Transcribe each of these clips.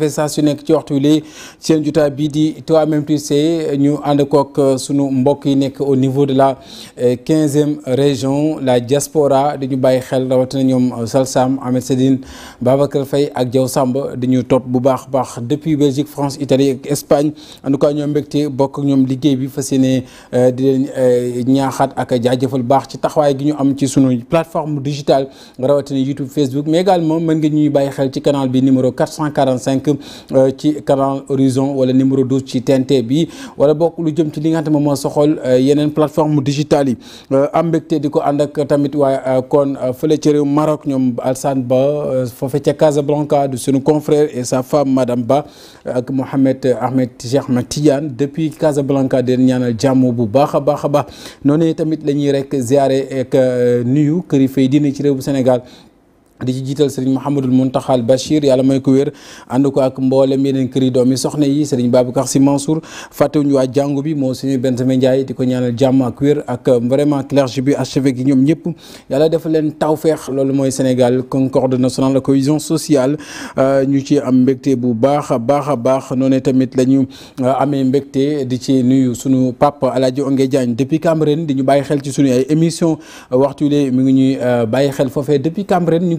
fe saa su nekk ci waxtu wi léegi seen jotaay bii di 3MPC ñu ànd kook euh, sunu mbokk yi nekk au niveau de la 15e euh, région la diaspora dañu bàyyi xel rawatina ñoom euh, Salsam Ahmed Sedine Babacar Faye ak Diaw Samb dañu topp bu baax baax depuis Belgique France Italie Espagne en tout cas ñoom mbégte bokk ñoom liggéey bi fas yéene di leen ñaaxaat ak jaajëfal baax ci taxawaay gi ñu am ci sunu plateforme digitale rawatina YouTube Facebook mais également mën nga ñuy bàyyi xel ci canal bi numéro 445 qui euh, ci canal horizon wala numéro 12 ci TNT bi wala lu jëm ci li nga xam il euh, plateforme digitale Casablanca de son confrère et sa femme madame Ba euh, Mohamed Ahmed Cheikh depuis Casablanca den ñaanal bu y a y a tamit lañuy rek ziaré ak nuyu ci Sénégal di ci jiital sëriñ Mouhamadul Mountaxal Bachir yalla may ko wér andou ko ak mboolem yeneen kri doomi soxna yi serigne Babacar Sy Mansour faté fàttewuñu wa jangou bi mo suñu Benjamin Ndiaye diko ñaanal jamm ak wér ak euh, vraiment clergé bi archevêque yi ñom ñep yalla dafa leen tawfex lolu moy Sénégal concorde nationale la cohésion sociale euh, ñu ci am mbégte bu baax a baax a baax noonu tamit lañu amé euh, amee di ci nuyu suñu papa Alaaji Onge Diagne depuis Cambérène di ñu baye xel ci suñu ay émission waxtu lé mi ngi ñuy baye xel fofé depuis Cambérène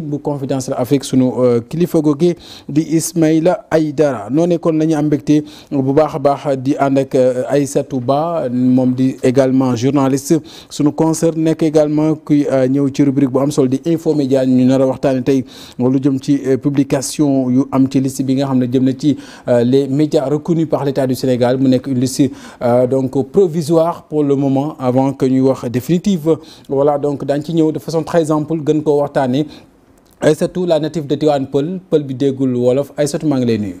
équipe bu avec Afrique sunu euh, kilifa googu di Ismaïla Aidara noné kon lañu ñu am mbégte bu baax baax di and ak euh, Aïssatou Ba mom di également journaliste sunu concert nek également kuy euh, ñew ci rubrique bu am sol di média ñu na a waxtaanee tey lu jëm ci publication yu am ci liste bi nga xamné jëm na ci les médias reconnus par l'État du Sénégal mu nek une liste donc provisoire pour le moment avant que ñu wax définitive voilà donc dañ ci ñew de façon très ample gën ko waxtane Aïssatou la native de Tivaouane Peulh Peulh bi déggul wolof Aïssatou maa ngi lay nuyu.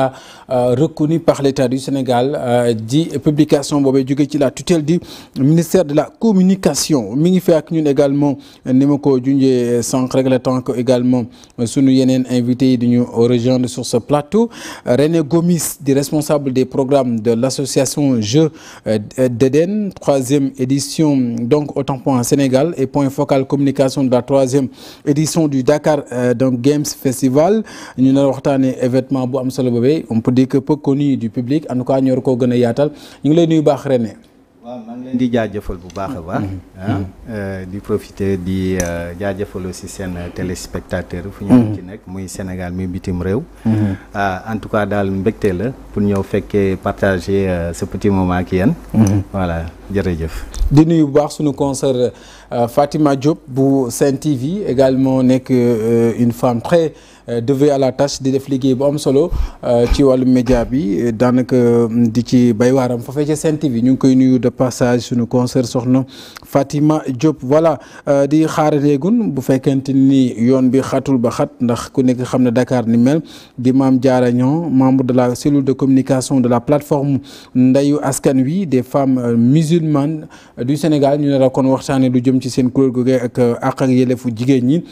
Euh, reconnu par l'État du Sénégal euh, dit publication bobé jóge ci la tutelle du ministère de la communication mi également ni ko junjee que également sunu Yenen, invité di ñu sur ce plateau René Gomis des responsable des programmes de l'association Jeux euh, d'Éden troisième édition donc autant pour en Sénégal et point focal communication de la troisième édition du Dakar donc Games Festival ñu événement bu am on peut dire que peu connu du public en tout cas ñor Yatal. ñu profiter aussi mm-hmm. mm-hmm. ah, en tout cas dans le la pour que partager euh, ce petit moment ak mm-hmm. voilà jërëjëf. di nuyu bu suñu concert euh, Fatima Diop bu Sen TV également nek euh, une femme très. Euh, devait à la tâche de def liggéey bu am solo euh, ci walu média bi euh, danaka mm, di ci baywaram waaram foofee ca Sen TV ñu koy nuyu de passage suñu concert soxna Fatima Diop voilà di xaarateegun bu fekkente ni yoon bi xatul ba xat ndax ku nekk xamna Dakar ni mel di mam Diarra membre de la cellule de communication de la plateforme Ndayu Askan Wi des femmes musulmanes du Sénégal ñu ne la kon waxtaanee lu jëm ci sen couleur googee ak àq ak yelleefu jigéen ñi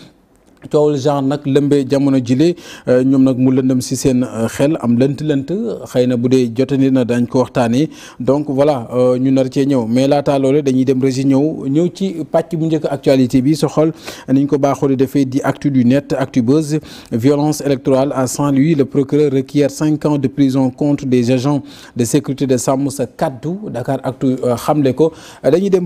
coowal genre nak lembe jamono jilé euh, ñom nak mu lendem ci seen euh, xel am donc voilà euh, mais laata lolé dañuy dem régi ñew ñew ci patch bu ñëk actualité bi actu du net violence électorale à Saint-Louis le procureur requiert cinq ans de prison contre des agents de sécurité de Dakar actu xamlé ko dañuy dem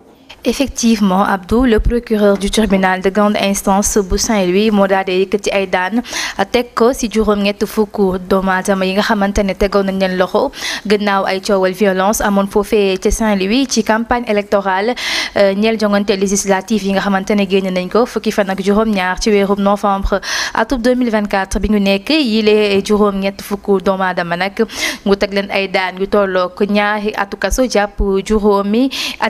effectivement Abdou le procureur du tribunal de grande instance bu Saint-Louis Modade daal Aidan, a été daan teg ko ci juróom-ñett fukk doomu yi nga violence amon foofee ci Saint-Louis ci campagne électorale Niel euh, jongante législative yi nga xamante ne génn nañ ko fukki fan ak juróom-ñaar ci weerum novembre atum 2024 bi ñu nekk yi lee juróom-ñett fukk doomu ay daan yu cas, ñaari pour du à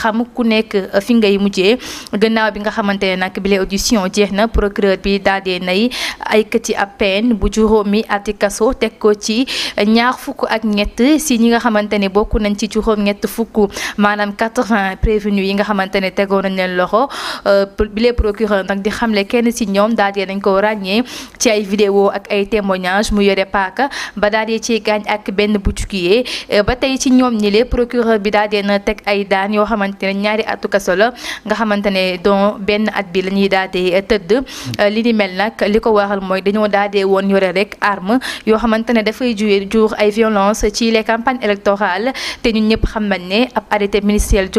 xam ku nekk euh, fi ngay mujjee gannaaw bi nga xamante ne nag bile audition jeex na procureur bi daal nay ay këti ab peine bu juróomi ati kaso teg ko ci euh, ñaar fukk ak ñett si ñi nga xamante ne bokk nañ ci juróom ñett fukk maanaam quatre-vingts prévenus yi nga xamante ne tegoon nañ leen loxo euh, bile procureur nag di xamle kenn si ñoom daal nañ ko ràññee ci ay vidéo ak ay témoignage mu yore paaka ba daal dee gaañ ak benn bu jugee ba tey ci ñoom ñi procureur bi daal xamante ne ñaari atu kaso la nga xamante ne don benn at bi la ñuy daal di eh, tëdd mm. eh, li ni mel nag li ko waral mooy dañoo daal di woon yore rek arme yoo xamante ne dafay juyee jur ay violence ci le campagne électorales te ñun ñëpp xam nañ ne ab arrêté ministériel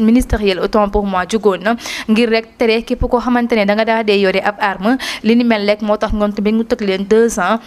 ministériel autant pour moi jugoon na ngir rek tere képp koo xamante ne da nga daal di yore ab arme li ni mel rek moo tax ngont bi mu tëg leen deux ans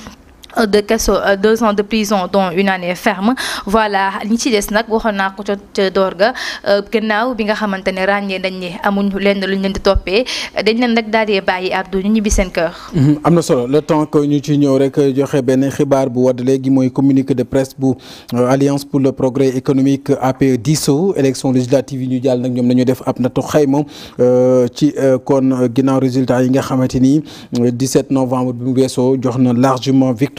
Euh, de kaso euh, deux ans de prison dont une année ferme voilà ñi ci des nak waxon na ko ca dorga euh, gennaw bi nga xamante ne dañ ne amuñ lenn luñ leen di topé dañ leen nak daal di bàyyi ardu ñu ñibbi seen kër. Mhm, am solo le temps que ñu ci ñew rek joxe ben xibaar bu wad légui moy communiqué de presse bu alliance pour le progrès économique APE diso élection législative ñu jall nak ñom nañu def ab natu xeymo ci kon ginnaaw résultat yi nga xamanteni 17 novembre bi mu wesso joxna largement victoire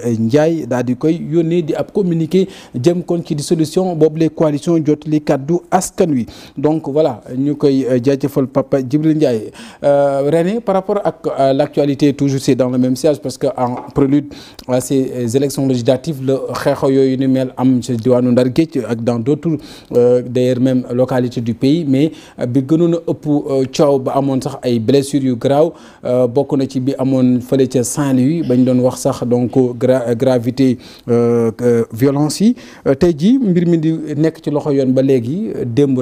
Ndiaye daal di koy yone di ab communiqué djem kon ki di solution bob les coalition jot li kaddu askan wi donc voilà ñu koy euh, jaajëfal Papa Djibril Ndiaye euh, René par rapport à euh, l'actualité toujours c'est dans le même siège parce que en prélude à ces élections législatives le xexo yooyu ni mel am ci diwanu Ndar ak dans d'autres d'ailleurs même localités du pays mais bi gënoon a ëpp coow ba amone sax ay blessures yu graw bokk na ci bi amone feulé ci Saint-Louis bañ doon wax sax donc gravité euh, euh, violence yi euh, tey mbir mi ci loxo yone ba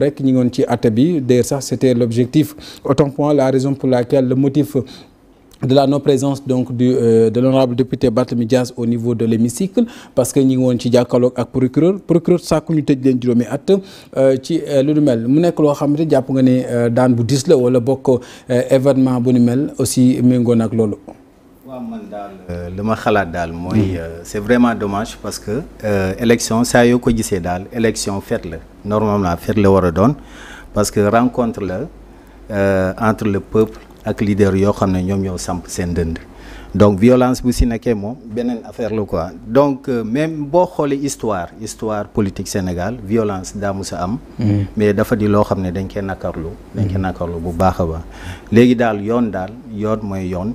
rek ñi c'était l'objectif autant point la raison pour laquelle le motif de la non-présence donc du de l'honorable député Barthélémy au niveau de l'hémicycle parce que ñi ci ak procureur procureur sàkku ñu tëj leen ci mu nekk dans événement aussi man dal euh, li euh, c'est vraiment dommage parce que euh, élection ça yoo ko gisee dal élection fête le normalement fête le war parce que rencontre euh, entre le peuple avec leader yoo xam ne ñoom samp donc violence bu si nekkee moom affaire la quoi donc même boo xoolee histoire histoire politique Sénégal violence daa am mm-hmm. mais dafa di lo xam dañ koy nakarlu dañ koy nakarlu bu baaxa ba légui dal yoon daal yoon mooy yoon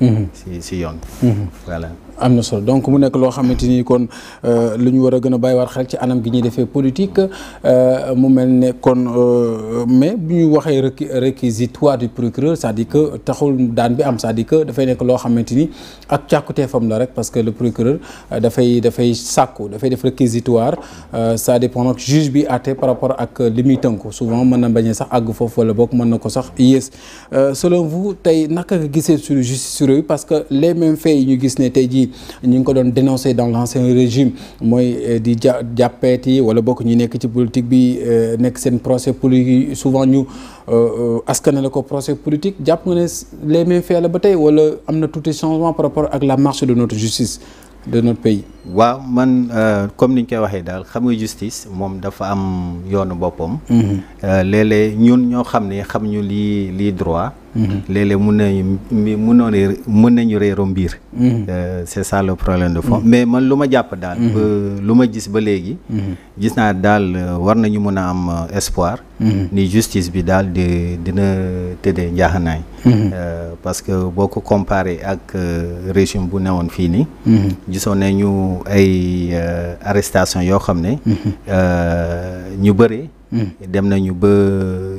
Mhm. si c'est yoon mhm. voilà amna na solo donc mu nek lo xamanteni kon euh luñu war gëna gën a xel ci anam gi ñi défé politique euh, mu mel kon euh, mais buñu waxé waxee réquisitoire du procureur c'est-à-dire que taxul daan bi am c'est-à-dire que da fay nek lo xamanteni ak fam la rek parce que le procureur fay euh, dafay da fay def réquisitoire ça dépend nag juge bi até par rapport ak li muy souvent mën na bañé sax ag fofu wala bok mën nako ko sax yées selon vous tay naka nga sur justice parce que les mêmes faits yi ñu gis né tay jii ñu dans l'ancien régime moy euh, di ja jàppeeti wala bokk ñu nek ci politique bi euh, nek sen procès politique souvent ñu euh, askane ko procès politique japp nga les mêmes faits la ba ou wala amna tout tuuti changement par rapport à la marche de notre justice de notre pays. waaw man comme niñ ñu koy waxee justice mom dafa am yoonu bopom mhm. euh lélé ñun ño xamné ne li li droit. Mhm. léeg-léeg mun nañu munoon mën nañu mbir. Mhm. Euh, c'est ça le problème de fond. Mhm. mais man luma japp dal luma gis ba légui gis na dal euh, war nañu mëna am euh, espoir. ni justice bi dal de dina tëddee njaaxanaay. parce que boko comparé ak régime bu néwon fini, nii. gisoon nañu ay arrestation yo xamné euh ñu Mm. dem ba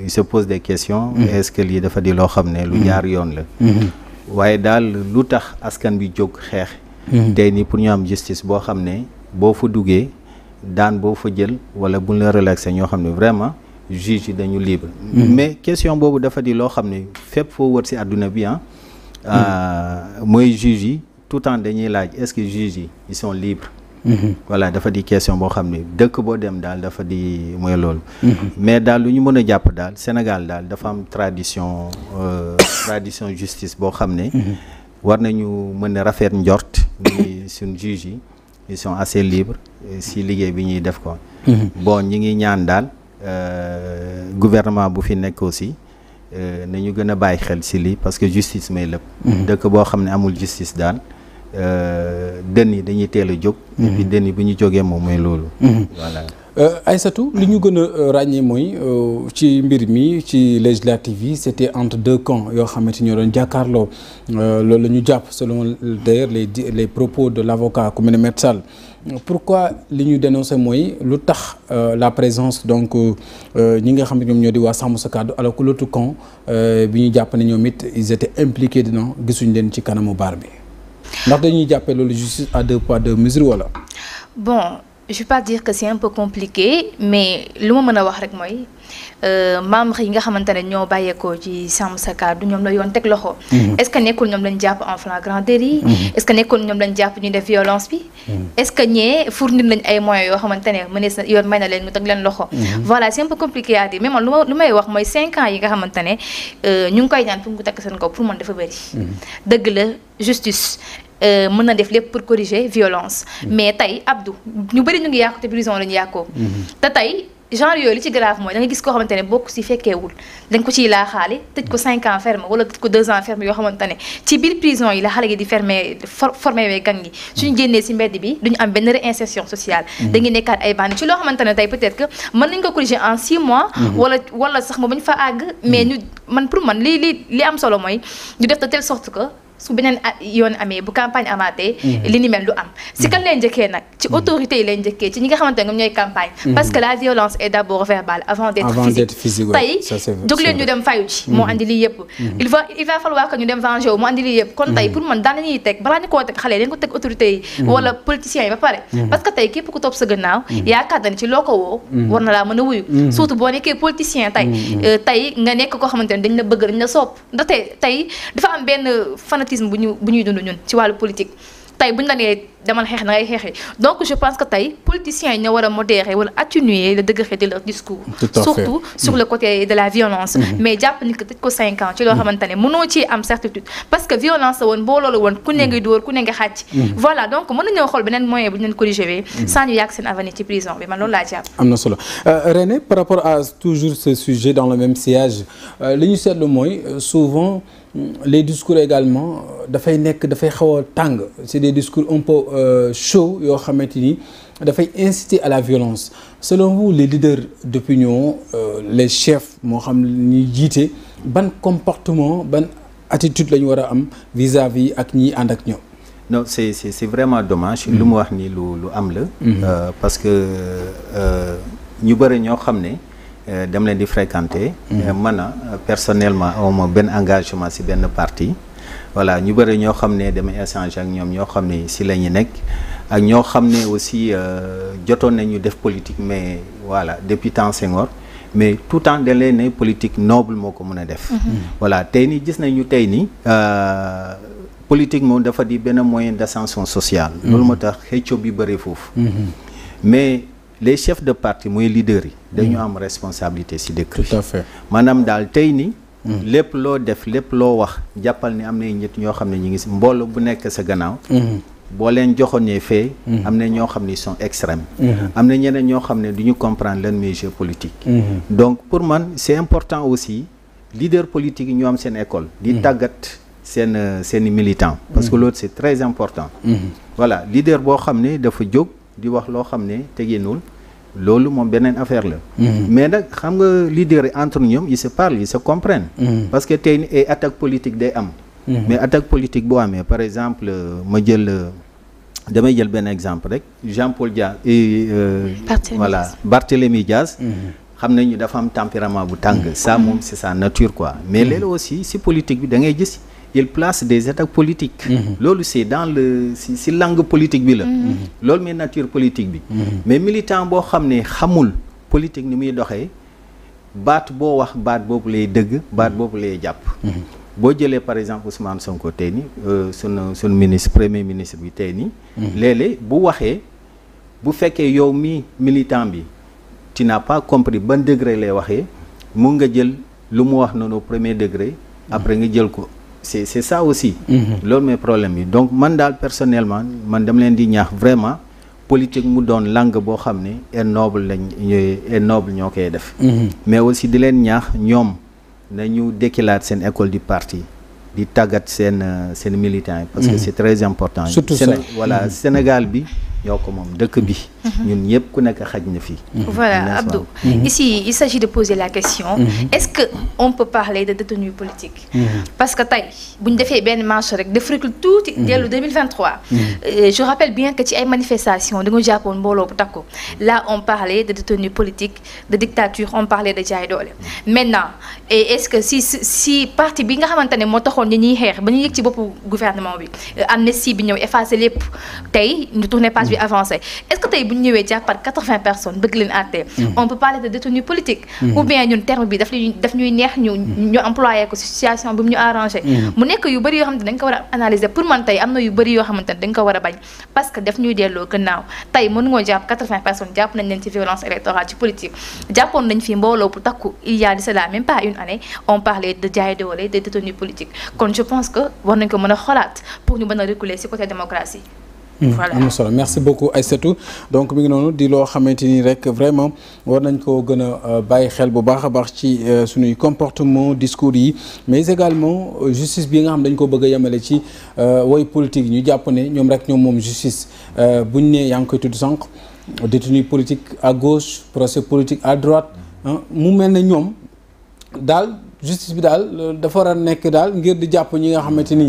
il se pose des questions. Mm. est-ce que li dafa di lo xamné lu mm. jaar yoon la. Mm-hmm. waye dal lutax askan bi jog xex mm-hmm. tey ni pour ñu am justice bo xamné bo fa duggé daan bo fa jël wala buñ la relaxé ñoo xamné vraiment juge dañu libre. Mm-hmm. mais question bobu dafa di lo xamné fep fo foo wër si àdduna bi ah. moy euh, juge tout temps dañuy laaj est-ce que juge ils sont libres. Mhm. voilà dafa di question bo xamné deuk bo dem dal dafa di moy lool mhm. mais dal lu ñu mën a jàpp Sénégal d'al dafa am tradition euh, tradition justice bo xamné mhm. war nañu mëna a rafet njort ni sun juge yi ils sont assez libres euh, si liguey bi ñuy def ko bon ñi ngi ñaan euh gouvernement bu fi nek aussi euh, nañu gëna a xel ci li parce que justice may lépp. deuk bo xamné amul justice dal euh, dënn denny dañuy a mhm. et puis dënn yi mhm. euh, Aïssatou euh, ci mbir mi ci c'était entre deux camps yo ñoo selon d'ailleurs les les propos de l'avocat pourquoi liñu dénoncé la présence donc ñi nga alors que l'autre camp ils étaient impliqués dedans gisuñu nous ci kanamu ndax dañuy jàppee loolu justice à deux pas de mesures wala. bon je vais pas dire que c'est un peu compliqué mais lu ma mën a wax rek mooy euh, membres yi nga xamante ne ñoo bàyyeekoo ci sàmm sa kàddu ñoom la yoon teg loxo. Mhm. est-ce que nekkul ñoom lañ jàpp en flagrant délit. Mhm. est-ce que nekkul ñoom lañ jàpp ñu def violence bi. Mhm. est-ce que ñee fournir nañ ay moyens yoo xamante ne mënees na yoon may na leen ñu teg leen loxo. voilà c'est un peu compliqué à dire mais man lu ma lu may wax mooy cinq ans yi nga xamante ne euh, ñu ngi koy ñaan pour mu takk seen kaw pour man dafa bëri. dëgg la justice. Euh, mën na def lépp pour corriger violence mm-hmm. mais tey Abdou ñu bëri ñu ngi yàqu te prison la ñu yàqoo mm-hmm. te tey genre yooyu li ci grave mooy da nga gis koo xamante ne bokk si fekkeewul dañ ko ciy laaxaale tëj ko 5 ans ferme wala tëj ko 2 ans ferme yoo xamante ne ci biir prison yi la xale gi di fermer formé wee gang yi mm-hmm. suñu génnee si mbedd bi duñu am benn réinsertion sociale da dañuy nekkaat ay bandi ci loo xamante ne tey peut-être que mën nañ ko corriger en 6 mois wala wala sax moom bañ fa àgg mais ñu man pour man li li li am solo mooy ñu def de telle sorte que su beneen yoon amee bu campagne amaatee. Mhm. li ni mel du am si kan lay njëkkee nag. autorité yi lañ njëkkee ci ñi nga xamante ne ñoom ñooy campagne. Mhm. parce que la violence est d'abord verbale avant d'être physique avant d'être physique ça c'est donc le ñu dem fayu ci mo mhm. andi li yépp mhm. il va il va falloir que ñu dem venger wu andi li yépp kon tay pour man dañ nañuy teg bala ñu ko teg xalé dañ ko teg autorité yi wala politiciens yi ba paré parce que tay képp ku top sa gannaaw ya ka dañ ci loko wo war na la mëna a wuyu surtout boo nekkee politicien tay euh, tay nga nekk ko xamante dañ la bëgg dañ la sopp ndaxte tey dafa am ben fanatisme bu ñu bu ñuy dund ñun ci walu politique tay buñ la nee demal xeex da ngay xeexi donc je pense que tey politiciens yi ñoo war modérer wala atténuer le degré de leur discours surtout sur le côté de la violence mm-hmm. mais jàpp ni que tëj ko cinq ans ci loo mm-hmm. xamante ne mënoo ci am certitude parce que violence la woon boo loolu woon ku ne ngay mm-hmm. dóor ku ne nga xàcc voilà donc mën nañoo xool beneen moyen bu ñu leen corrigé wee sans ñu yàq seen avenir ci prison bi man loolu laa jàpp am na solo euh, René par rapport à toujours ce sujet dans le même sillage euh, li ñu seetlu mooy euh, souvent les discours également dafay nekk dafay xaw a tang. c'est des discours un peu euh, show yo a ni inciter à la violence selon vous les leaders d'opinion euh, les chefs mo xam ni jité ban comportement ban attitude la wara am vis-à-vis ak ñi and ak non c'est c'est vraiment dommage. Mm-hmm. lu mu wax ni lu lu am la. Mm-hmm. Euh, parce que ñu bari ño xamné dem dama di fréquenter. Mm-hmm. man personnellement awma ben engagement ci ben parti voilà ñu bëri ño xamné ne dama échange ak ñoom ñoo xam ne si la ñu ak ño xamné aussi aussi euh, jotoon nañu def politique mais voilà depuis temps Senghor mais tout temps dañ leen ne politique noble moko mëna mën def. Mhm. Mm-hmm. voilà tey nii gis nañu tey euh politique mo dafa di benn moyen d'ascension sociale. Mm-hmm. loolu moo tax xëccoo bi bëri foofu. Mm-hmm. mais les chefs de parti moy leaders yi. dañu am responsabilité si dëkk tout à fait maanaam daal Mm-hmm. lépp loo def lépp loo wax ni am na ñoo ne ngi bu ne ils sont extrêmes. Mm-hmm. ñeneen comprendre l'ennemi mm-hmm. donc pour moi c'est important aussi leader politique ñu am école. di tàggat seen seen militant parce que l'autre c'est très important. voilà leader boo xam ne dafa jóg di wax c'est mom benen affaire la. Mhm. mais nak xam nga leader entre ñom ils se parlent ils se comprennent. Mhm. parce que c'est une attaque politique des am. Mhm. mais attaque politique par exemple ma jël damay jël un exemple Jean-Paul et euh, voilà Barthélémy Diaz, xam ont dafa am tempérament bu ça c'est sa nature quoi. mais elle aussi si politique bi da ngay il place des attaques politiques. Mhm. loolu c'est dans le si langue politique bi la. Mhm. Mhm. loolu mooy nature politique bi. mais militant bo xamné ne xamul politique ni muy doxé bat bo wax bat boobu lay deug bat boobu lay japp. Bo jëlee par exemple Ousmane Sonko tey euh son son ministre premier ministre bi tey nii. léeg bu waxé bu féké yow mi militant bi tu n'as pas compris ban degré lay waxé mun nga jël lu mu wax noonu au premier degré. après nga jël ko c'est c'est ça aussi. Mhm. l'un de mes problèmes. donc man personnellement man dama leen vraiment politique mu donne langue bo xamné ne noble lañ et noble ñokay def. Mhm. mais aussi di len ñaax ñom nañu dekkilaat sen école du parti di tagat sen euh, sen militants parce que mhm. c'est très important. surtout ça voilà Sénégal bi. Mhm. Mhm. Mhm. voilà Abdou. ici il s'agit de poser la question. est-ce que on peut parler de détenus politiques. parce que tey bu fait defee une marche rek fruits tout dès le 2023. je rappelle bien que tu as manifestations manifestation jàppoon mbooloo bu là on parlait de détenus politiques de dictature on parlait de jaay maintenant et est-ce que si si parti bi nga xamante mo taxone ñi ñi ñuy ba ñu yëg ci bopu gouvernement bi euh, amnistie bi ñëw effacer lépp tay ñu tourner pas bi avancé est ce que tay bu ñëwé ñëwee par 80 personnes bëgg leen àtte mm-hmm. on peut parler de détenu politique mm-hmm. ou bien ñun terme bi daf ñuy daf ñuy neex ñu mm-hmm. ñu employé ko situation bi ñu arrangé mu nekk yu bari yo xamante dañ ko wara analyser pour man tay amna yu bari yo xamante dañ ko wara bañ parce que daf ñuy délo gannaaw tay mënu ngo japp 80 personnes japp nañ leen ci violence électorale ci politique jàppoon nañ fi mbolo pour takku il y a de cela même pas une année on parlait de jaay wolé de détenus politiques kon je pense que war nañ ko mëna xolaat pour ñu mën reculer ci côté démocratie Mm. voilà merci beaucoup Aïssatou donc mi ngi noonu di loo xamante rek vraiment war nañ ko gën a euh, bàyyi xel bu baax baax ci euh, suñuy comportement discours yi mais également euh, justice bi nga xam dañ ko bëgg a ci politique ñu jàpp ne ñoom rek justice buñ ne yaa ngi koy tudd sànq détenu à gauche procès politique à droite hein. mu mel ne ñoom justice bi daal dafa war a nekk daal ngir di jàpp ñi nga xamante ni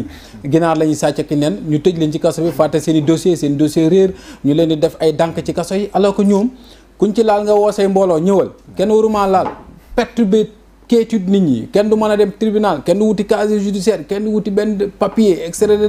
ginaar la ñuy sàcc ak nen ñu tëj leen ci kaso bi fàtte seen i dossier seen dossier réer ñu leen di def ay dànk ci kaso yi alors que ñoom kuñ ci laal nga woo woosee mbooloo ñëwal kenn waruma laal perte bi quiétude nit ñi kenn du mëna a dem tribunal kenn du wuti casier judiciaire kenn du wuti ben papier extrait de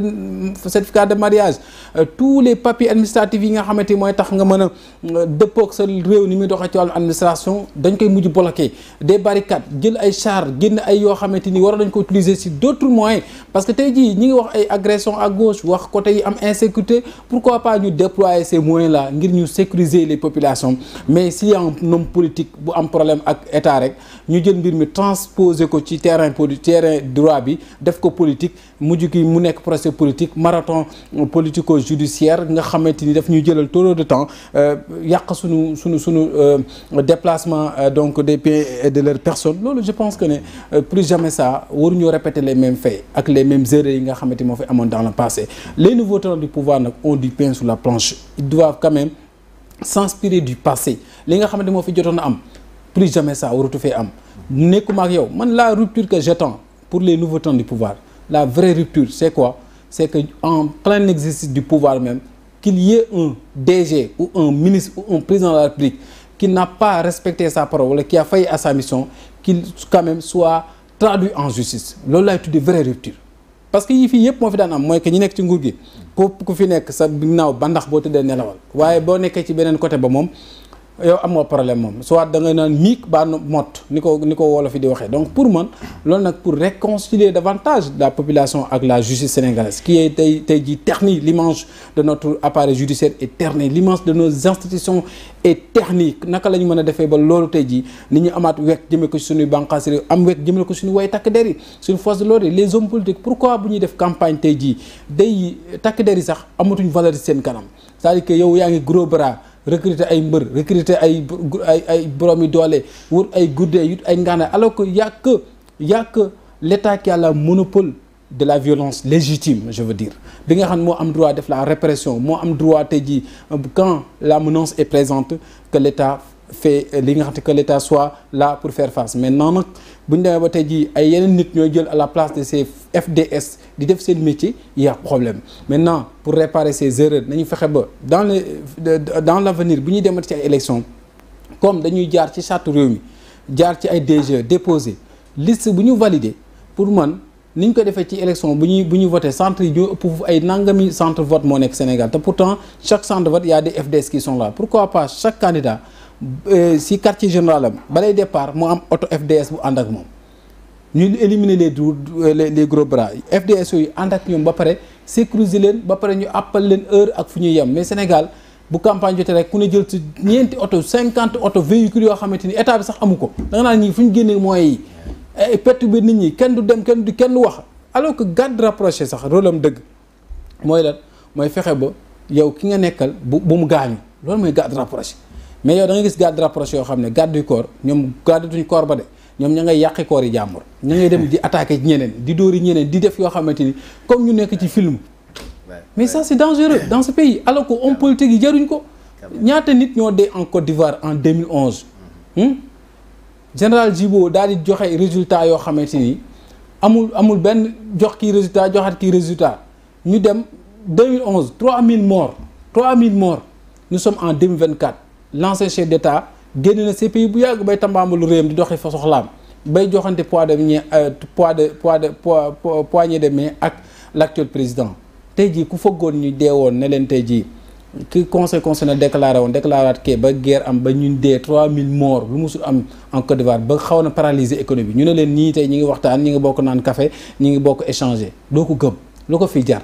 certificat de mariage euh, tous les papiers administratifs yi nga xamante moy tax nga mëna a euh, dëppoog sa réew ni mi doxee ci wàllu administration dañ koy muju bloqué des barricades jël ay char génn ay yoo xamante ni war nañ ko utiliser si d'autres moyens parce que tu ji ñi ngi wax ay agression à gauche wax côté yi am insécurité pourquoi pas ñu déployer ces moyens là ngir ñu sécuriser les populations mais si un homme politique bu am problème ak état rek ñu jël mbir transposer ko ci terrain politique terrain droit bi def ko politique mujj ki mu nek procès politique marathon euh, politico judiciaire nga xamante ni daf ñuy jëlal trop de temps euh, yàq suñu suñu euh, déplacement donc des pieds et de leurs personnes je pense que ne plus jamais ça ñu répéter les mêmes faits ak les mêmes erreurs yi nga a fait fi dans le passé les nouveaux tenants du pouvoir ont du pain sur la planche ils doivent quand même s'inspirer du passé li nga xamante moo fi jotoon am plus jamais ça ne fait am la rupture que j'attends pour les nouveaux temps du pouvoir la vraie rupture c'est quoi c'est que plein exercice du pouvoir même qu'il y ait un DG ou un ministre ou un président de la République qui n'a pas respecté sa parole qui a failli à sa mission qu'il quand même soit traduit en justice C'est vrai. une vraie rupture parce que y fii yëpp moo fi Je que ci Je fi que sa nelawal côté il un problème soit dans ngay naan ni donc pour moi, l'on a pour réconcilier davantage la population avec la justice sénégalaise qui est été dit ternie l'image de notre appareil judiciaire est ternie l'image de nos institutions est ternie Nous avons fait mën nous ba loolu tey jii fait que nous ko nous am de l'ordre les hommes politiques pourquoi def campagne nous nous valeur c'est-à-dire que yow un gros bras recruter ay mbër recruter ay ay ay borom yi doole wut ay guddee yut ay ngaana alors que y a que yàlla a que de la violence légitime je veux dire bi nga xam j'ai am droit def la répression Moi, j'ai am droit de dire, quand la menace est présente que l'État fait euh, li que l'État soit là pour faire face maintenant si bu avez dit ba tey jii ay yeneen nit à la place de ces FDS di def ces métier il y a problème maintenant pour réparer ces erreurs nañu fexe ba dans les dans l'avenir si ñuy demati ci ay élections comme nous jaar ci charte réew mi jaar ci déposé liste bu valider validé pour man niñ ko defee ci élection buñu buñu voter centre yi ñoo ay nangami centre vote mo nek Sénégal te pourtant chaque centre vote y a des FDS qui sont là pourquoi pas chaque candidat euh, si quartier général balay départ mo am auto FDS bu and ak mom ñu éliminer euh, les les gros bras FDS yooyu and ak ñom ba paré sécuriser len ba paré ñu appel len heure ak fuñu yam mais Sénégal bu campagne jotee rek ku ne jël ci ñenti auto 50 auto véhicules yo xamanteni ni état bi sax amuko da nga ñi fu ñu ay bi nit ñi kenn du dem kenn du kenn wax alors que garde rapproché sax rôle am dëgg mooy lan mooy fexe ba yow ki nga nekkal bu bu mu gaañu lool moy garde rapproché mais yow da nga gis garde rapproché yo xamné ne garde du corps garde gardatuñ corps ba de ñom ña ngay yàqi koor yi jàmbur ña dem di attaquer ñeneen di dóori ñeneen di def yo xamanteni comme ñu nekk ci film mais ça c'est dangereux dans ce pays alors que homme politique yi jaruñ ko ñaata nit ñoo dé en Côte d'Ivoire en 2011 général Djibo daal joxe résultat yo xamanteni amul amul benn jox ki résultat joxat ki résultat ñu dem 2011 3000 morts 3000 morts nous sommes en 2024 l'ancien chef d'État génn na CPI bu yag bay tambaambalu réem di doxé fa soxlam bay joxante poids de ñe euh, poids de poids de poids poignée de main ak l'actuel président tayji ku fëggoon ñu deewoon ne len tayji que conseil constitutionnel déclaré woon guerre am ba 3000 morts musul am en Côte d'Ivoire ba xaw paralyser économie ñu ne nous ñi waxtaan ñi café ñi bokk échanger ko gëm lu ko fi jar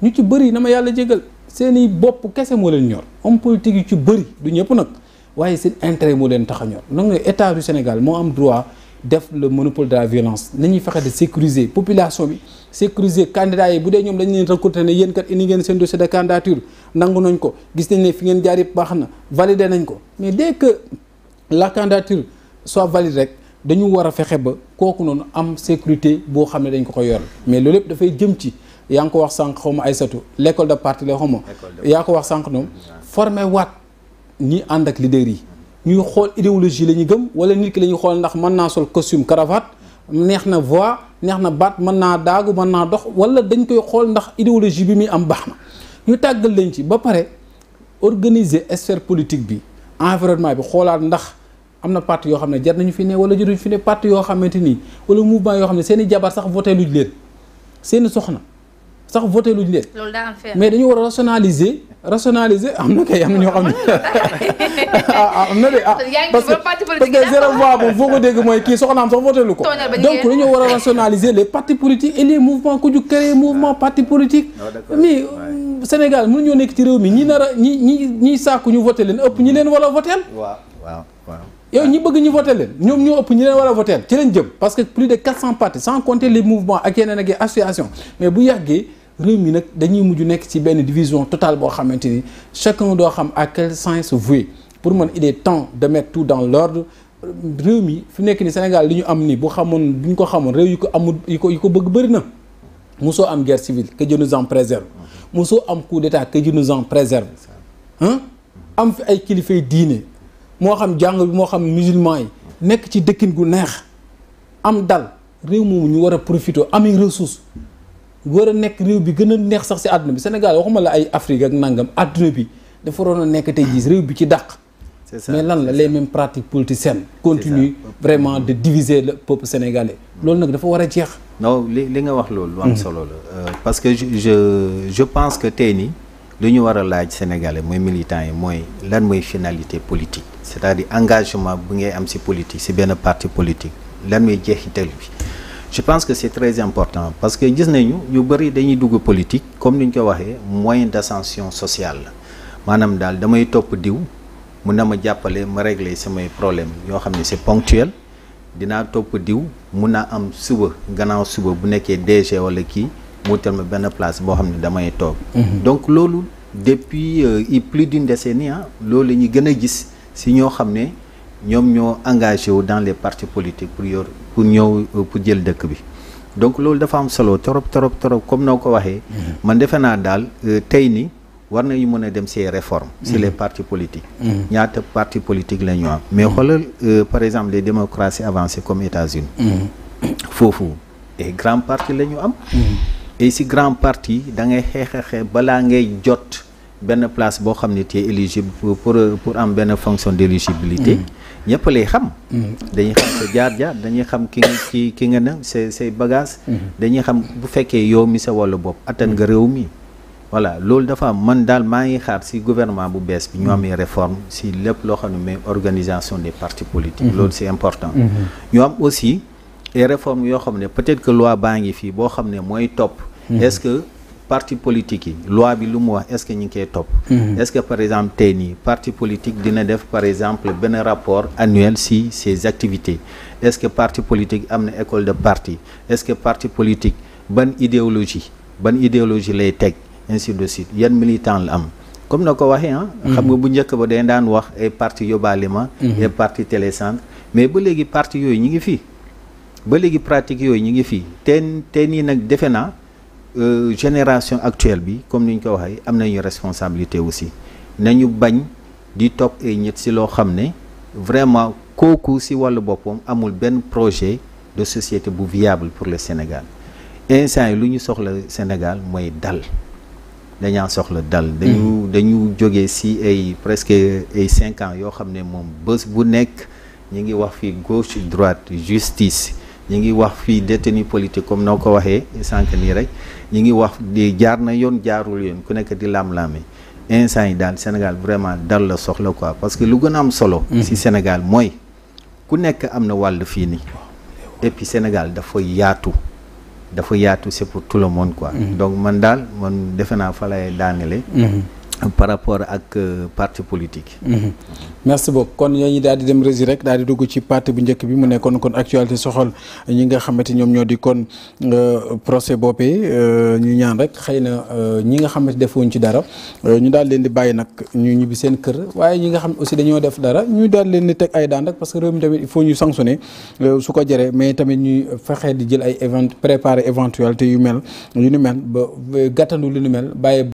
ñu ci ni nous avons nous leen politique du du Sénégal am droit def le monopole de la violence nañuy fexé de sécuriser population bi sécuriser candidat yi boudé ñom ñoom dañ leen recruter né yeen kat indi ngeen seen dossier de candidature nangu nañ ko gis nañ né fi ngeen jaar yëpp baxna valider nañ ko mais dès que la candidature soit valide rek dañu wara fexé ba koku noonu am sécurité bo xamné dañ ko ko yor mais loolu da fay jëm ci yaa ko wax sank xaw ma Aïssatou l' de parti la xaw ma ko wax sank noonu former waat ñi and ak leader yi ñuy xool idéologie la ñuy gëm wala nit ki la ñuy xool ndax mën naa sol costume cravate neex na voix neex na baat mën naa daagu mën naa dox wala dañ koy xool ndax idéologie bi muy am baax na ñu tàggal leen ci ba pare organiser sphère politique bi environnement bi xoolaat ndax am na parti yoo xam ne jar nañu fi ne wala jaruñu fi ne parti yoo xamante ni wala mouvement yoo xam ne seen i jabar sax voté luñ leen seen i soxna sax voté leen. mais dañu rationaliser am na kay am na ñoo xam ne am na de ah parce que parce que zéro voix moom foo ko dégg mooy kii soxnaam sax voté lu ko donc ñu war a rationaliser les partis politiques et les mouvements ko ju créer mouvement ah. parti politique ah, mais euh, Sénégal mënuñoo nekk ci réew mi ñi nar a ñi ñi ñiy sàkku ñu voter leen ëpp ñi leen wala voter voteel waaw waaw yow ñi bëgg ñu voter leen ñom ñoo ëpp ñi leen wala voter ci leen jëm parce que plus de 400 partis sans compter les mouvements ak yeneen ak association mais bu yàggee réew nak dañuy muju nek ci benn division totale bo xamanteni chacun doo xam à quel sens se vouer pour man il est temps de mettre tout dans l'ordre réew mi fi nekk ni Sénégal liñu am ni bu xamone buñ ko xamone réew yu ko amul yiko yiko yu ko bëgg bëri na mosoo am guerre civile que Dieu nous en préserve mosoo am coup d'état que Dieu nous en préserve hein am fi ay kilifay diine mo xam jang bi mo xam musulman yi nekk ci dëkkin gu neex am dal réew moomu ñu wara profiter profité amee ressource wara nek nekk réew bi gëna neex sax ci aduna bi Sénégal waxuma la ay Afrique ak nangam aduna bi da waroon a nekk tey jii réew bi ci ça, mais lan la les mêmes pratiques politiciennes. continuent vraiment de diviser le peuple sénégalais. lool nak da fa wara jeex. non li li nga wax lool lu am mm. solo la euh, parce que je je pense que tey nii lu ñu war laaj sénégalais moy militants moy lan moy finalité politique. c'est-à-dire engagement bu ngay am ci politique ci ben parti politique lan mooy jeexital bi je pense que c'est très important parce que gis nañu yu bari dañuy dugg politique comme niñ ko waxé moyen d'ascension sociale manam dal damay top diw mu na ma jappalé ma régler sama problème yo xamné c'est ponctuel dina top diw mu na am suba gannaaw suba bu nekkee DG wala ki mu tel ma ben place bo xamné ne damay top mhm. donc loolu depuis euh, plus d'une décennie hein loolu la ñu gën gis si ñoo xamné ñom ñoo engagé wu dans les partis politiques pour yor pour ñew euh, pour jël dëkk bi donc loolu dafa am solo trop trop trop comme noo waxé mhm. man defe naa daal euh, tey ni war nañu mën a dem ces réformes. sur mhm. les partis politiques. Mhm. ñaata partis politiques la ñu am. mais xolal euh, par exemple les démocraties avancées comme États-Unis fofu et grand parti la ñu am. et si grand parti da ngay xeex xé xeex balaa ngay jot ben place bo xam ne tu es éligible pour pour am ben fonction d'éligibilité. ñëpp lay xam. Mm. dañuy xam sa jaar jaar dañuy xam ki ki ki nga ne say say bagages. Mm-hmm. dañuy xam bu fekkee yow mi sa wàllu bopp attan nga mm-hmm. réew mi. voilà loolu dafa am man daal maa ngi xaar si gouvernement bu bees bi ñu amee mm-hmm. réforme si lépp loo xam ne mais organisation des parti politiques. loolu c'est important. ñu am aussi ay réformes yoo xam ne peut-être que loi baa ngi fii boo xam ne mooy topp. est parti politique loi bi lu est-ce que ñu ngi top? Mhm. est-ce que par exemple Téni, parti politique dina def par exemple un rapport annuel si ses activités est-ce que parti politique a une école de parti est-ce que parti politique bonne idéologie Bonne idéologie lay teg ainsi de suite y militant des am comme nous ko hein? xam nga bu njëkk ba day daan wax ay parti yobalima mhm. ay parti télécentre mais ba légui parti yoy ñi ngi fi ba légui pratique yoy ñi ngi fi teen teen nak euh, génération actuelle bi comme niñ ko waxee am nañu responsabilité aussi nañu bañ di top et nit si lo xamné vraiment koku si walu bopom amul ben projet de société bu viable pour le Sénégal instant luñu sur soxla Sénégal moy dal dañaa soxla dal mm-hmm. dañu dañu joggé si ay presque ay cinq ans yo xamné mom moom bu nekk ñi ngi wax fi gauche droite justice ñi ngi wax fi détenu politique comme noko waxé waxee ni rek ñi ngi wax di jaar na yoon jaarul yoon ku nek di lam lamé instant daal Sénégal vraiment dal la soxla quoi parce que lu gëna am solo mhm. si Sénégal moy ku nek amna na fi ni et puis Sénégal dafa yaatu dafa yaatu c'est pour tout le monde quoi mhm. donc man dal man defe naa fa par rapport ak euh, parti politique. Mhm. merci beaucoup kon ñooñu daal di dem rési rek daal di dugg ci parti bu njëkk bi mu nekkoon kon actualité soxal ñi nga xamante ñoom ñoo di kon euh, procès boobee euh, ñu ñaan rek xëy na ñi nga xamante defuñ ci dara ñu daal leen di bàyyi nag ñu ñibbi seen kër waaye ñi nga xam aussi dañoo def dara ñu daal leen di teg ay daan rek parce que réew mi tamit il ñu sanctionner su ko jëree mais tamit ñuy fexee di jël ay évent préparer éventualité yu mel yu nu mel ba gàttandu lu nu mel bàyyi.